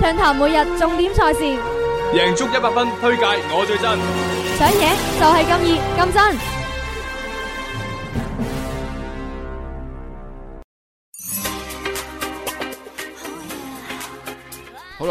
暢談每日重點賽事，贏足一百分，推介我最真，想贏就係咁易咁真。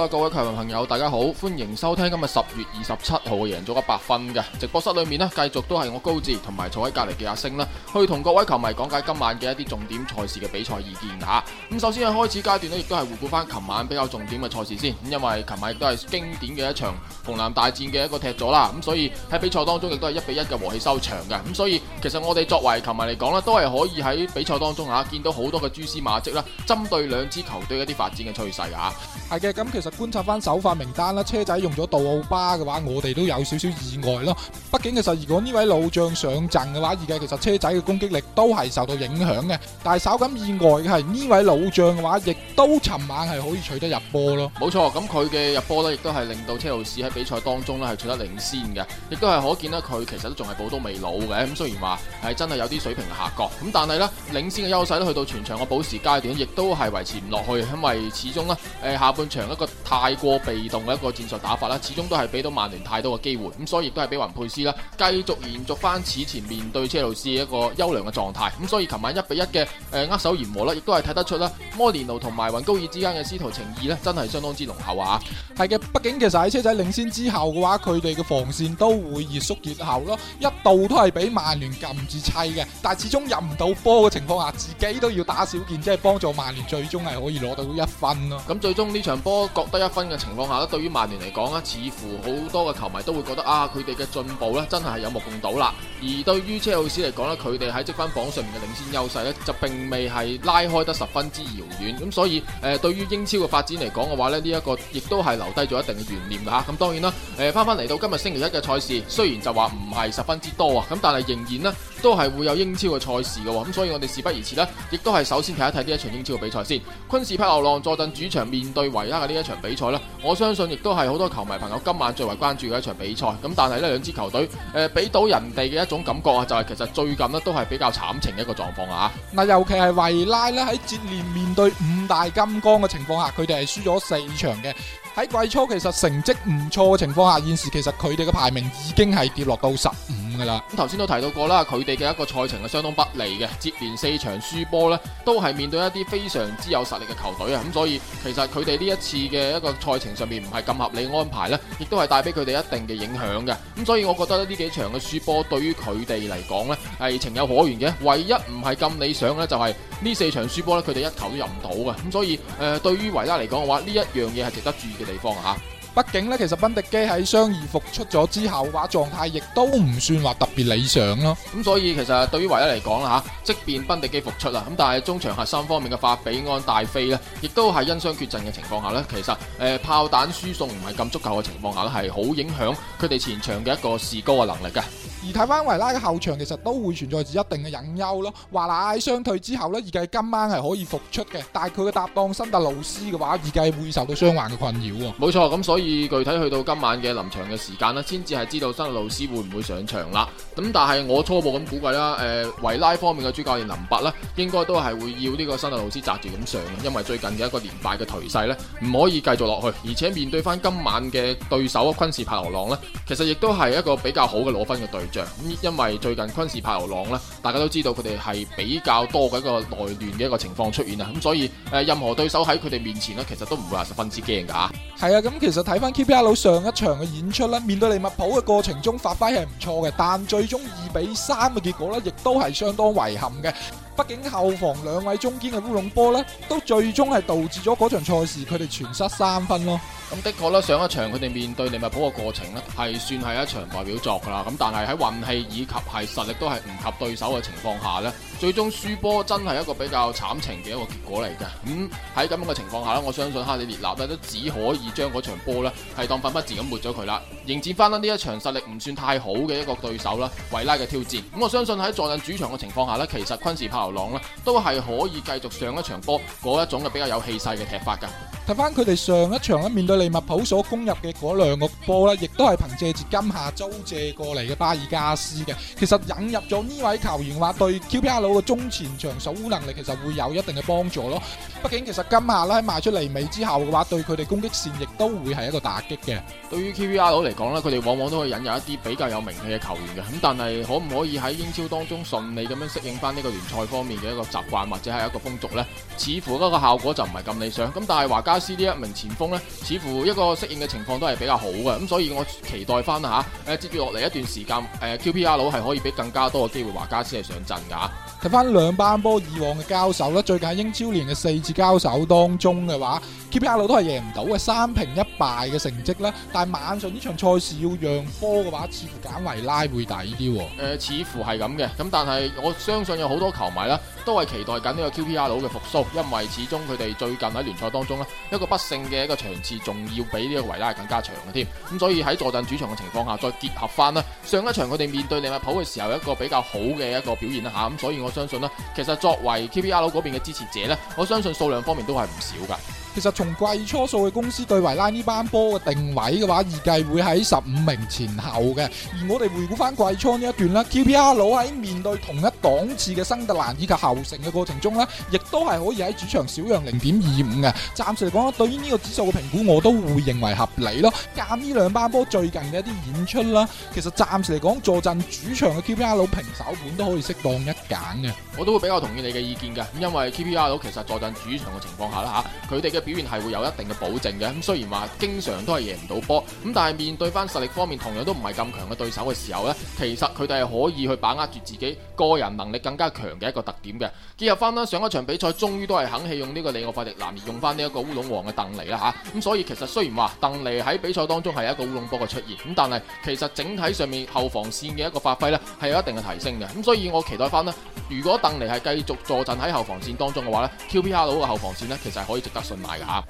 各位球迷朋友，大家好，歡迎收聽今日十月二十七號贏足 100FUN 嘅直播室裏面咧，繼續都係我高智同埋坐喺隔籬嘅阿星啦，去同各位球迷講解今晚嘅一啲重點賽事嘅比賽意見吓。咁首先喺開始階段咧，亦都係回顧翻琴晚比較重點嘅賽事先。咁因為琴晚亦都係經典嘅一場紅藍大戰嘅一個踢咗啦，咁所以喺比賽當中亦都係一比一嘅和氣收場嘅。咁所以其實我哋作為球迷嚟講咧，都係可以喺比賽當中吓見到好多嘅蛛絲馬跡啦，針對兩支球隊一啲發展嘅趨勢吓。係嘅，咁其實。觀察翻首發名單啦，車仔用咗杜奧巴嘅話，我哋都有少少意外咯。畢竟其實如果呢位老將上陣嘅話，而家其實車仔嘅攻擊力都係受到影響嘅。但係稍感意外嘅係呢位老將嘅話，亦都尋晚係可以取得入波咯。冇錯，咁佢嘅入波呢，亦都係令到車路士喺比賽當中呢係取得領先嘅，亦都係可見呢佢其實都仲係寶刀未老嘅。咁雖然話係真係有啲水平的下降，咁但係呢，領先嘅優勢去到全場嘅補時階段，亦都係維持唔落去，因為始終呢，誒下半場一個。太過被動嘅一個戰術打法啦，始終都係俾到曼聯太多嘅機會，咁所以亦都係俾雲佩斯啦，繼續延續翻此前面對車路士一個優良嘅狀態，咁所以琴晚一比一嘅誒握手言和啦，亦都係睇得出啦，摩連奴同埋雲高爾之間嘅師徒情誼呢，真係相當之濃厚啊！係嘅，畢竟其實喺車仔領先之後嘅話，佢哋嘅防線都會越縮越後咯，一度都係俾曼聯撳住砌嘅，但係始終入唔到波嘅情況下，自己都要打小件，即係幫助曼聯最終係可以攞到一分咯。咁最終呢場波，得一分嘅情況下咧，對於曼聯嚟講咧，似乎好多嘅球迷都會覺得啊，佢哋嘅進步咧，真係有目共睹啦。而對於車路士嚟講咧，佢哋喺積分榜上面嘅領先優勢咧，就並未係拉開得十分之遙遠。咁所以誒、呃，對於英超嘅發展嚟講嘅話咧，呢、這、一個亦都係留低咗一定嘅懸念㗎吓。咁當然啦，誒、呃，返返嚟到今日星期一嘅賽事，雖然就話唔係十分之多啊，咁但係仍然咧。都係會有英超嘅賽事嘅，咁所以我哋事不宜遲啦，亦都係首先睇一睇呢一場英超嘅比賽先。昆士柏流浪坐鎮主場面對維拉嘅呢一場比賽呢，我相信亦都係好多球迷朋友今晚最為關注嘅一場比賽。咁但係呢兩支球隊誒俾到人哋嘅一種感覺啊，就係、是、其實最近都係比較慘情嘅一個狀況啊。嗱，尤其係維拉呢，喺接連面對五大金剛嘅情況下，佢哋係輸咗四場嘅。喺季初其實成績唔錯嘅情況下，現時其實佢哋嘅排名已經係跌落到十五。咁頭先都提到過啦，佢哋嘅一個賽程係相當不利嘅，接連四場輸波呢，都係面對一啲非常之有實力嘅球隊啊！咁所以其實佢哋呢一次嘅一個賽程上面唔係咁合理安排呢，亦都係帶俾佢哋一定嘅影響嘅。咁所以我覺得呢幾場嘅輸波對於佢哋嚟講呢係情有可原嘅，唯一唔係咁理想呢，就係呢四場輸波呢，佢哋一球都入唔到嘅。咁所以誒，對於維拉嚟講嘅話，呢一樣嘢係值得注意嘅地方吓。畢竟咧，其實賓迪基喺傷愈復出咗之後嘅話，狀態亦都唔算話特別理想咯。咁所以其實對於維拉嚟講啦吓，即便賓迪基復出啦，咁但係中場核心方面嘅法比安大飛咧，亦都係因傷缺陣嘅情況下咧，其實誒炮彈輸送唔係咁足夠嘅情況下咧，係好影響佢哋前場嘅一個士高嘅能力嘅。而睇翻維拉嘅後場，其實都會存在住一定嘅隱憂咯。華納相傷退之後呢，預計今晚係可以復出嘅，但係佢嘅搭檔辛特老斯嘅話，預計會受到傷患嘅困擾。冇錯，咁所以具體去到今晚嘅臨場嘅時間咧，先至係知道辛特老斯會唔會上場啦。咁但係我初步咁估計啦，誒、呃、維拉方面嘅主教練林伯呢，應該都係會要呢個辛特老斯閘住咁上，因為最近嘅一個連敗嘅頹勢呢，唔可以繼續落去，而且面對翻今晚嘅對手昆士柏流浪呢，其實亦都係一個比較好嘅攞分嘅隊。咁因為最近昆士柏流浪咧，大家都知道佢哋係比較多嘅一個內亂嘅一個情況出現啊，咁所以誒任何對手喺佢哋面前咧，其實都唔會話十分之驚㗎嚇。係啊，咁其實睇翻 QPR 上一場嘅演出咧，面對利物浦嘅過程中發揮係唔錯嘅，但最終二比三嘅結果咧，亦都係相當遺憾嘅。畢竟後防兩位中堅嘅烏龍波咧，都最終係導致咗嗰場賽事佢哋全失三分咯。咁的確啦，上一場佢哋面對利物浦嘅過程咧，係算係一場代表作㗎啦。咁但係喺運氣以及係實力都係唔及對手嘅情況下咧，最終輸波真係一個比較慘情嘅一個結果嚟噶，咁喺咁樣嘅情況下咧，我相信哈里列納咧都只可以將嗰場波咧係當粉筆字咁抹咗佢啦，迎接翻啦呢一場實力唔算太好嘅一個對手啦，維拉嘅挑戰。咁、嗯、我相信喺坐鎮主場嘅情況下咧，其實昆士柏流浪咧都係可以繼續上一場波嗰一種嘅比較有氣勢嘅踢法噶。睇翻佢哋上一場咧，面對利物浦所攻入嘅嗰兩個波呢，亦都係憑藉住今夏租借過嚟嘅巴爾加斯嘅。其實引入咗呢位球員話對 QPR 嘅中前場守護能力其實會有一定嘅幫助咯。畢竟其實今夏咧賣出嚟尾之後嘅話，對佢哋攻擊線亦都會係一個打擊嘅。對於 QPR 嚟講呢，佢哋往往都可以引入一啲比較有名氣嘅球員嘅。咁但係可唔可以喺英超當中順利咁樣適應翻呢個聯賽方面嘅一個習慣或者係一個風俗呢？似乎嗰個效果就唔係咁理想。咁但係話家。C D 一名前鋒咧，似乎一個適應嘅情況都係比較好嘅。咁、嗯、所以我期待翻下吓，誒、呃、接住落嚟一段時間，誒、呃、Q P R 佬係可以俾更加多嘅機會華家先係上陣噶。睇翻兩班波以往嘅交手咧，最近喺英超聯嘅四次交手當中嘅話，Q P R 佬都係贏唔到嘅，三平一敗嘅成績啦。但係晚上呢場賽事要讓波嘅話，似乎簡維拉會抵啲。誒、呃，似乎係咁嘅，咁但係我相信有好多球迷啦。都係期待緊呢個 QPR 佬嘅復甦，因為始終佢哋最近喺聯賽當中呢一個不勝嘅一個場次，仲要比呢個維拉更加長嘅添。咁所以喺坐鎮主場嘅情況下，再結合翻啦，上一場佢哋面對利物浦嘅時候一個比較好嘅一個表現啦吓，咁所以我相信呢，其實作為 QPR 佬嗰邊嘅支持者呢，我相信數量方面都係唔少噶。其實從季初數據公司對維拉呢班波嘅定位嘅話，預計會喺十五名前後嘅。而我哋回顧翻季初呢一段啦，QPR 喺面對同一檔次嘅新特蘭以及後城嘅過程中呢，亦都係可以喺主場小讓零點二五嘅。暫時嚟講，對於呢個指數嘅評估，我都會認為合理咯。夾呢兩班波最近嘅一啲演出啦，其實暫時嚟講，坐鎮主場嘅 QPR 平手盤都可以適當一揀嘅。我都會比較同意你嘅意見嘅，因為 QPR 其實坐鎮主場嘅情況下啦吓，佢哋嘅。表現係會有一定嘅保證嘅，咁雖然話經常都係贏唔到波，咁但係面對翻實力方面同樣都唔係咁強嘅對手嘅時候呢，其實佢哋係可以去把握住自己個人能力更加強嘅一個特點嘅。結合翻啦，上一場比賽終於都係肯棄用呢個利奧費迪南而用翻呢一個烏龍王嘅鄧尼啦吓，咁所以其實雖然話鄧尼喺比賽當中係一個烏龍波嘅出現，咁但係其實整體上面後防線嘅一個發揮呢，係有一定嘅提升嘅，咁所以我期待翻呢，如果鄧尼係繼續坐鎮喺後防線當中嘅話呢，QPR 嘅後防線呢，其實係可以值得信係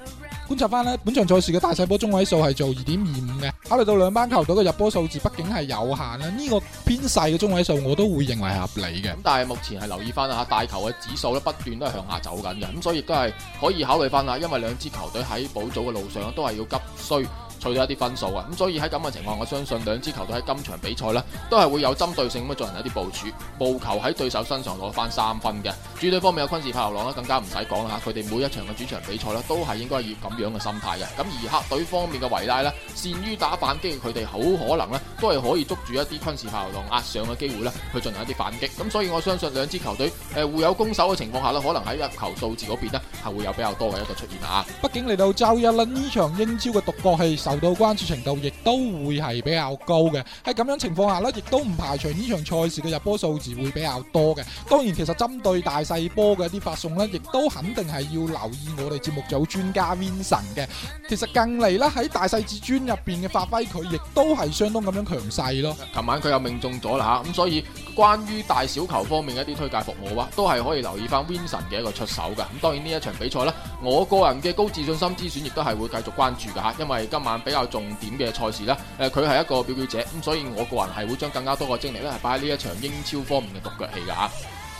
觀察翻呢本場賽事嘅大細波中位數係做二點二五嘅。考慮到兩班球隊嘅入波數字畢竟係有限啦，呢個偏細嘅中位數我都會認為係合理嘅。咁但係目前係留意翻啊，大球嘅指數咧不斷都係向下走緊嘅，咁所以亦都係可以考慮翻啦。因為兩支球隊喺補組嘅路上都係要急需取得一啲分數啊，咁所以喺咁嘅情況，我相信兩支球隊喺今場比賽呢都係會有針對性咁樣進行一啲部署，務求喺對手身上攞翻三分嘅。主隊方面有昆士柏流浪啦，更加唔使講啦嚇，佢哋每一場嘅主場比賽咧，都係應該以咁樣嘅心態嘅。咁而客隊方面嘅維拉呢擅於打反擊，跟住佢哋好可能呢都係可以捉住一啲昆士柏流浪壓上嘅機會呢去進行一啲反擊。咁所以我相信兩支球隊誒互有攻守嘅情況下呢可能喺入球數字嗰邊咧係會有比較多嘅一個出現啊。畢竟嚟到週一呢場英超嘅獨角戲受到關注程度亦都會係比較高嘅。喺咁樣的情況下呢亦都唔排除呢場賽事嘅入波數字會比較多嘅。當然其實針對大細波嘅一啲發送咧，亦都肯定係要留意我哋節目組專家 Winson 嘅。其實近嚟咧喺大細至尊入邊嘅發揮，佢亦都係相當咁樣強勢咯。琴晚佢又命中咗啦吓，咁所以關於大小球方面嘅一啲推介服務嘅話，都係可以留意翻 Winson 嘅一個出手噶。咁當然呢一場比賽啦，我個人嘅高自信心之選亦都係會繼續關注噶吓，因爲今晚比較重點嘅賽事啦，誒佢係一個表表者咁，所以我個人係會將更加多嘅精力咧係擺喺呢一場英超方面嘅獨腳戲噶吓。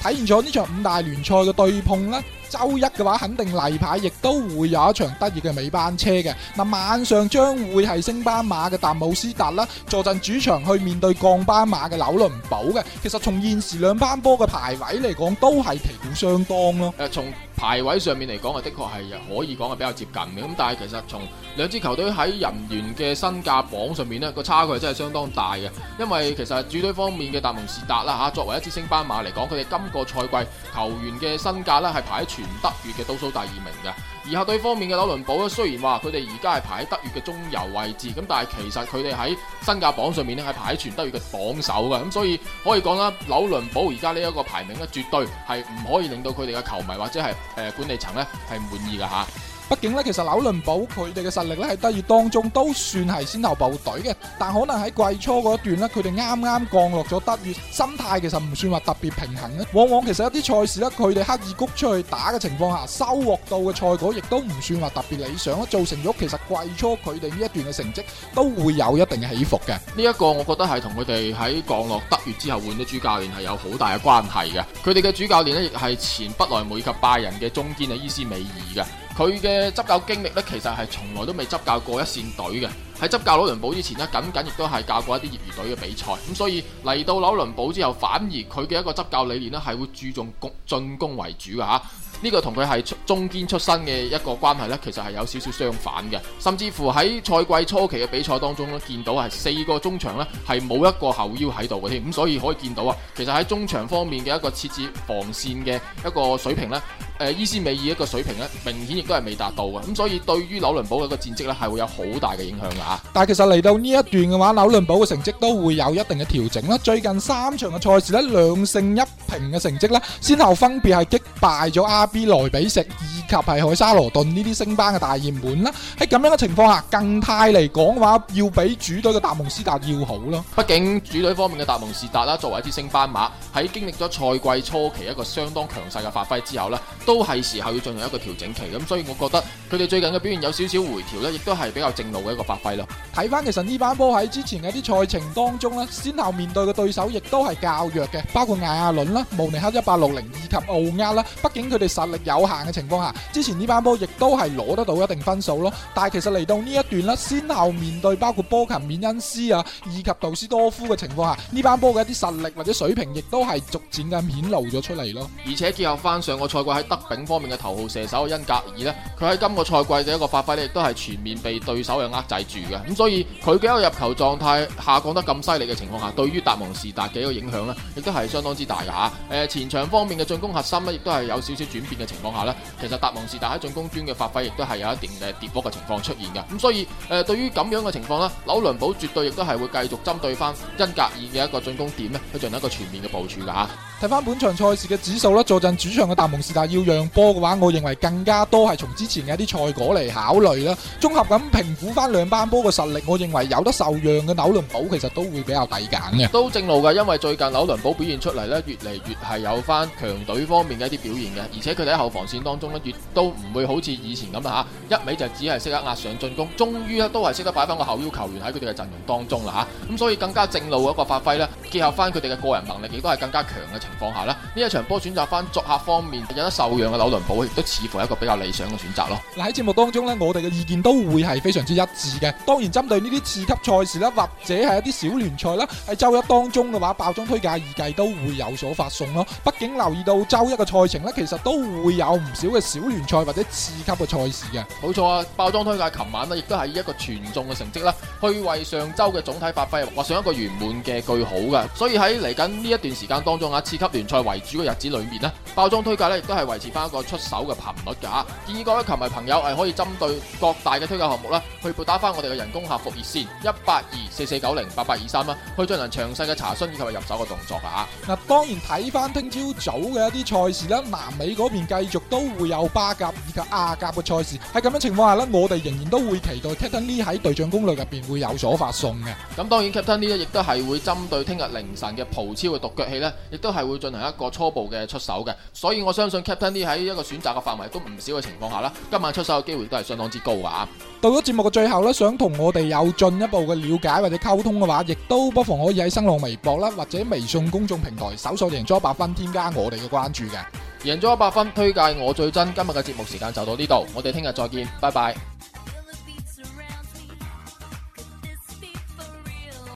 睇完咗呢場五大聯賽嘅對碰啦。周一嘅話，肯定例牌，亦都會有一場得意嘅尾班車嘅。嗱，晚上將會係升班馬嘅達姆斯達啦，坐陣主場去面對降班馬嘅紐倫堡嘅。其實從現時兩班波嘅排位嚟講，都係旗鼓相當咯。誒、呃，從排位上面嚟講，啊的確係可以講係比較接近嘅。咁但係其實從兩支球隊喺人員嘅身價榜上面咧，個差距真係相當大嘅。因為其實主隊方面嘅達姆斯達啦，吓作為一支升班馬嚟講，佢哋今個賽季球員嘅身價咧係排全德乙嘅倒數第二名嘅。而客隊方面嘅紐倫堡咧，雖然話佢哋而家係排喺德乙嘅中游位置，咁但係其實佢哋喺身價榜上面咧係排喺全德乙嘅榜首嘅，咁所以可以講啦，紐倫堡而家呢一個排名咧絕對係唔可以令到佢哋嘅球迷或者係誒、呃、管理層咧係滿意嘅吓。畢竟咧，其實紐倫堡佢哋嘅實力咧喺德乙當中都算係先頭部隊嘅，但可能喺季初嗰段咧，佢哋啱啱降落咗德乙，心態其實唔算話特別平衡咧。往往其實一啲賽事咧，佢哋刻意谷出去打嘅情況下，收穫到嘅賽果。亦都唔算話特別理想咯，造成咗其實季初佢哋呢一段嘅成績都會有一定嘅起伏嘅。呢一個我覺得係同佢哋喺降落德乙之後換咗主教練係有好大嘅關係嘅。佢哋嘅主教練呢，亦係前不來梅及拜仁嘅中堅嘅伊斯美爾嘅。佢嘅執教經歷呢，其實係從來都未執教過一線隊嘅。喺執教紐倫堡之前呢，僅僅亦都係教過一啲業餘隊嘅比賽。咁所以嚟到紐倫堡之後，反而佢嘅一個執教理念呢，係會注重攻進攻為主嘅吓。呢個同佢係中堅出身嘅一個關係呢，其實係有少少相反嘅，甚至乎喺賽季初期嘅比賽當中呢，見到係四個中場呢，係冇一個後腰喺度嘅添，咁所以可以見到啊，其實喺中場方面嘅一個設置防線嘅一個水平呢。呃、伊斯美爾一個水平咧，明顯亦都係未達到嘅，咁所以對於紐倫堡嘅一個戰績咧，係會有好大嘅影響嘅嚇、啊。但係其實嚟到呢一段嘅話，紐倫堡嘅成績都會有一定嘅調整啦。最近三場嘅賽事呢，兩勝一平嘅成績呢，先後分別係擊敗咗阿 B 萊比錫以及係凱沙羅頓呢啲升班嘅大熱門啦。喺咁樣嘅情況下，近態嚟講嘅話，要比主隊嘅達蒙斯達要好咯。畢竟主隊方面嘅達蒙斯達啦，作為一隻升班馬，喺經歷咗賽季初期一個相當強勢嘅發揮之後呢。都係時候要進行一個調整期咁，所以我覺得佢哋最近嘅表現有少少回調呢，亦都係比較正路嘅一個發揮啦。睇翻其實呢班波喺之前嘅啲賽程當中呢，先後面對嘅對手亦都係較弱嘅，包括艾亞倫啦、慕尼克一八六零以及奧亞啦。畢竟佢哋實力有限嘅情況下，之前呢班波亦都係攞得到一定分數咯。但係其實嚟到呢一段咧，先後面對包括波琴、緬恩斯啊，以及杜斯多夫嘅情況下，呢班波嘅一啲實力或者水平亦都係逐漸嘅顯露咗出嚟咯。而且結合翻上個賽季喺德丙方面嘅頭號射手恩格爾呢，佢喺今個賽季嘅一個發揮呢，亦都係全面被對手嘅壓制住嘅。咁所以佢嘅一個入球狀態下降得咁犀利嘅情況下，對於達蒙士達嘅一個影響呢，亦都係相當之大嘅吓。誒、呃，前場方面嘅進攻核心呢，亦都係有少少轉變嘅情況下呢。其實達蒙士達喺進攻端嘅發揮亦都係有一定嘅跌幅嘅情況出現嘅。咁所以誒、呃，對於咁樣嘅情況呢，紐倫堡絕對亦都係會繼續針對翻恩格爾嘅一個進攻點呢，去進行一個全面嘅部署嘅吓。睇翻本場賽事嘅指數啦，坐陣主場嘅達蒙士達要讓波嘅話，我認為更加多係從之前嘅一啲賽果嚟考慮啦。綜合咁評估翻兩班波嘅實力，我認為有得受讓嘅紐倫堡其實都會比較抵揀嘅。都正路嘅，因為最近紐倫堡表現出嚟呢，越嚟越係有翻強隊方面嘅一啲表現嘅，而且佢哋喺後防線當中呢，越都唔會好似以前咁啦嚇，一味就只係識得壓上進攻。終於咧，都係識得擺翻個後腰球員喺佢哋嘅陣容當中啦嚇，咁所以更加正路一個發揮呢，結合翻佢哋嘅個人能力，亦都係更加強嘅。情況下啦，呢一場波選擇翻作客方面有得受養嘅紐倫堡，亦都似乎係一個比較理想嘅選擇咯。喺節目當中呢，我哋嘅意見都會係非常之一致嘅。當然，針對呢啲次級賽事啦，或者係一啲小聯賽啦，喺週一當中嘅話，包裝推介預計都會有所發送咯。畢竟留意到週一嘅賽程呢，其實都會有唔少嘅小聯賽或者次級嘅賽事嘅。冇錯啊，包裝推介琴晚呢亦都係一個全中嘅成績啦，去為上週嘅總體發揮畫上一個圓滿嘅句號嘅。所以喺嚟緊呢一段時間當中啊，級聯賽為主嘅日子裏面咧，包裝推介咧亦都係維持翻一個出手嘅頻率噶。建議各位球迷朋友係可以針對各大嘅推介項目啦，去撥打翻我哋嘅人工客服熱線一八二四四九零八八二三啦，23，去進行詳細嘅查詢以及入手嘅動作啊。嗱，當然睇翻聽朝早嘅一啲賽事啦，南美嗰邊繼續都會有巴甲以及亞甲嘅賽事，喺咁樣嘅情況下咧，我哋仍然都會期待 Captain Lee 喺對象攻略入邊會有所發送嘅。咁當然 Captain Lee 咧亦都係會針對聽日凌晨嘅葡超嘅獨腳戲咧，亦都係，會進行一個初步嘅出手嘅，所以我相信 Captain Lee 喺一個選擇嘅範圍都唔少嘅情況下，今晚出手嘅機會都係相當之高嘅啊。到咗節目嘅最後，想同我哋有進一步嘅了解或者溝通嘅話，亦都不妨可以喺新浪微博啦或者微信公眾平台搜索贏足 100FUN，添加我哋嘅關注嘅贏足 100FUN 推介我最真。今日嘅節目時間就到呢度，我哋聽日再見，拜拜。